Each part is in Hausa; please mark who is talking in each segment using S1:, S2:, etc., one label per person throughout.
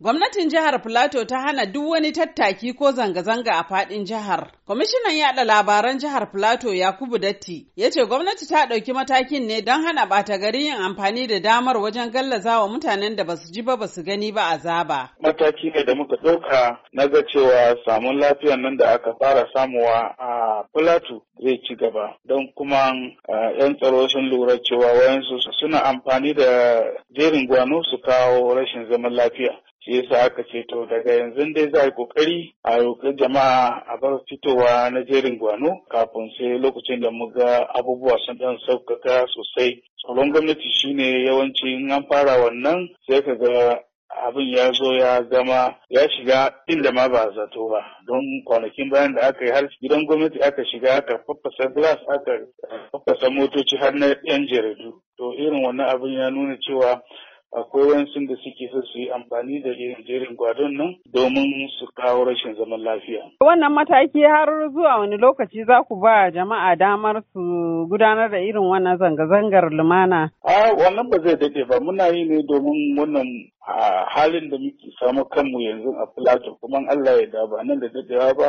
S1: Gwamnatin jihar Filato ta hana duk wani tattaki ko zanga-zanga a fadin jihar. Kwamishinan yada labaran jihar Filato Yakubu Datti ya ce gwamnati ta ɗauki matakin ne don hana ɓata gari yin amfani da damar wajen gallaza wa mutanen da basu ji ba basu gani ba a zaba
S2: Mataki ne da muka ɗauka na ga cewa samun lafiyan nan da aka fara samuwa a Filato zai ci gaba don kuma 'yan tsaro sun lura cewa wayansu suna amfani da jerin gwano su kawo rashin zaman lafiya. shi yasa aka ce to daga yanzu dai za a yi kokari a roƙi jama'a a bar fitowa na jerin gwano kafin sai lokacin da muga abubuwa sun ɗan sauƙaƙa sosai tsaron gwamnati shine yawanci in an fara wannan sai ka ga abin ya zo ya zama ya shiga inda ma ba zato ba don kwanakin bayan da aka yi har gidan gwamnati aka shiga aka faffasa glass aka faffasa motoci har na yan jaridu to irin wannan abin ya nuna cewa akwai wayansu da suke so su yi amfani da irin jerin gwadon nan domin su kawo rashin zaman lafiya.
S1: Wannan mataki har zuwa wani lokaci za ku ba jama'a damar su gudanar da irin wannan zanga-zangar lumana?
S2: A wannan ba zai daɗe ba muna yi ne domin wannan halin da muke samu kanmu yanzu a Plateau kuma Allah ya da ba nan da daɗewa ba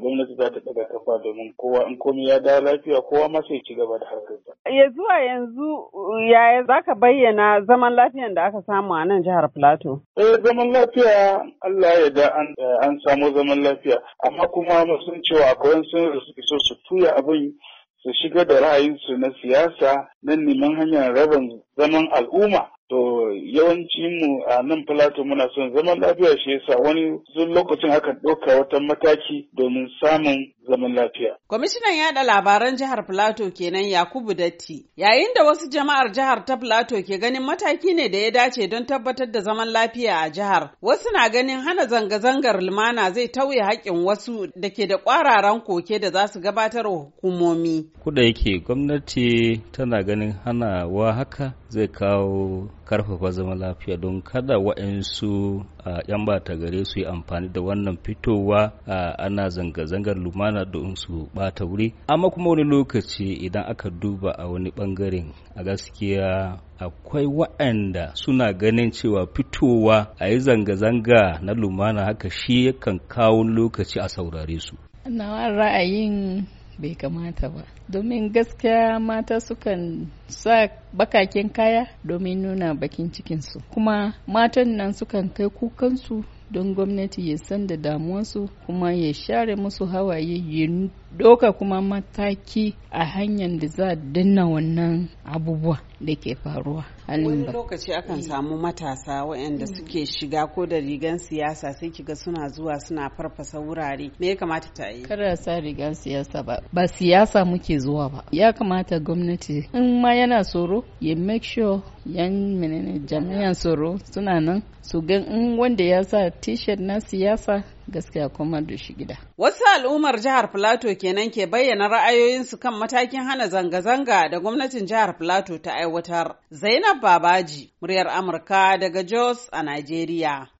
S2: gwamnati za ta ɗaga kafa domin kowa in komai ya da lafiya kowa ma sai ci gaba da harkar.
S1: Ya zuwa yanzu yaya za ka bayyana zaman lafiyan da aka samu a nan jihar Plateau?
S2: Eh zaman lafiya Allah ya da eh, an samu zaman lafiya amma kuma sun cewa akwai sun da suke so su tuya abin su shiga da ra'ayinsu na siyasa na neman hanyar rabin zaman al'umma To yawancinmu mu a nan Filato muna son zaman lafiya shi yasa wani lokacin haka ɗauka wata mataki domin samun zaman lafiya.
S1: Kwamishinan yada labaran jihar Filato kenan Yakubu Datti. Yayin da wasu jama'ar jihar ta Filato ke ganin mataki ne da ya dace don tabbatar da zaman lafiya a jihar. Wasu na ganin hana zanga-zangar lumana zai tauye haƙƙin wasu da ke da ƙwararan koke da za su gabatar wa
S3: hukumomi. Kuda yake gwamnati tana ganin hanawa haka zai kawo karfafa zaman lafiya don kada waɗansu 'yan bata gare su yi amfani da wannan fitowa ana zanga-zangar lumana ana don su bata wuri amma kuma wani lokaci idan aka duba a wani bangaren a gaskiya akwai waɗanda suna ganin cewa fitowa a yi zanga-zanga na lumana haka shi yakan kawo lokaci a saurare su
S4: nawa ra'ayin bai kamata ba domin gaskiya mata sukan sa bakakin kaya domin nuna bakin cikinsu kuma matan nan sukan kai kukansu don gwamnati ya san da damuwarsu kuma ya share musu hawaye ya doka kuma mataki a hanyar da za a danna wannan abubuwa da ke faruwa wani
S1: lokaci akan samu matasa waɗanda suke shiga ko da rigan siyasa sai kiga suna zuwa suna farfasa wurare me ya kamata ta yi kada sa rigan siyasa ba
S4: ba siyasa muke zuwa ba ya kamata gwamnati in ma yana tsoro ya make sure yan menene jami'an tsoro suna nan su gan in wanda ya sa t na siyasa gaskiya kuma da shi gida.
S1: Wasu al'ummar jihar Filato kenan ke bayyana ra'ayoyinsu kan matakin hana zanga-zanga da gwamnatin jihar Filato ta aiwatar. Zainab Babaji, muryar Amurka daga Jos a Najeriya.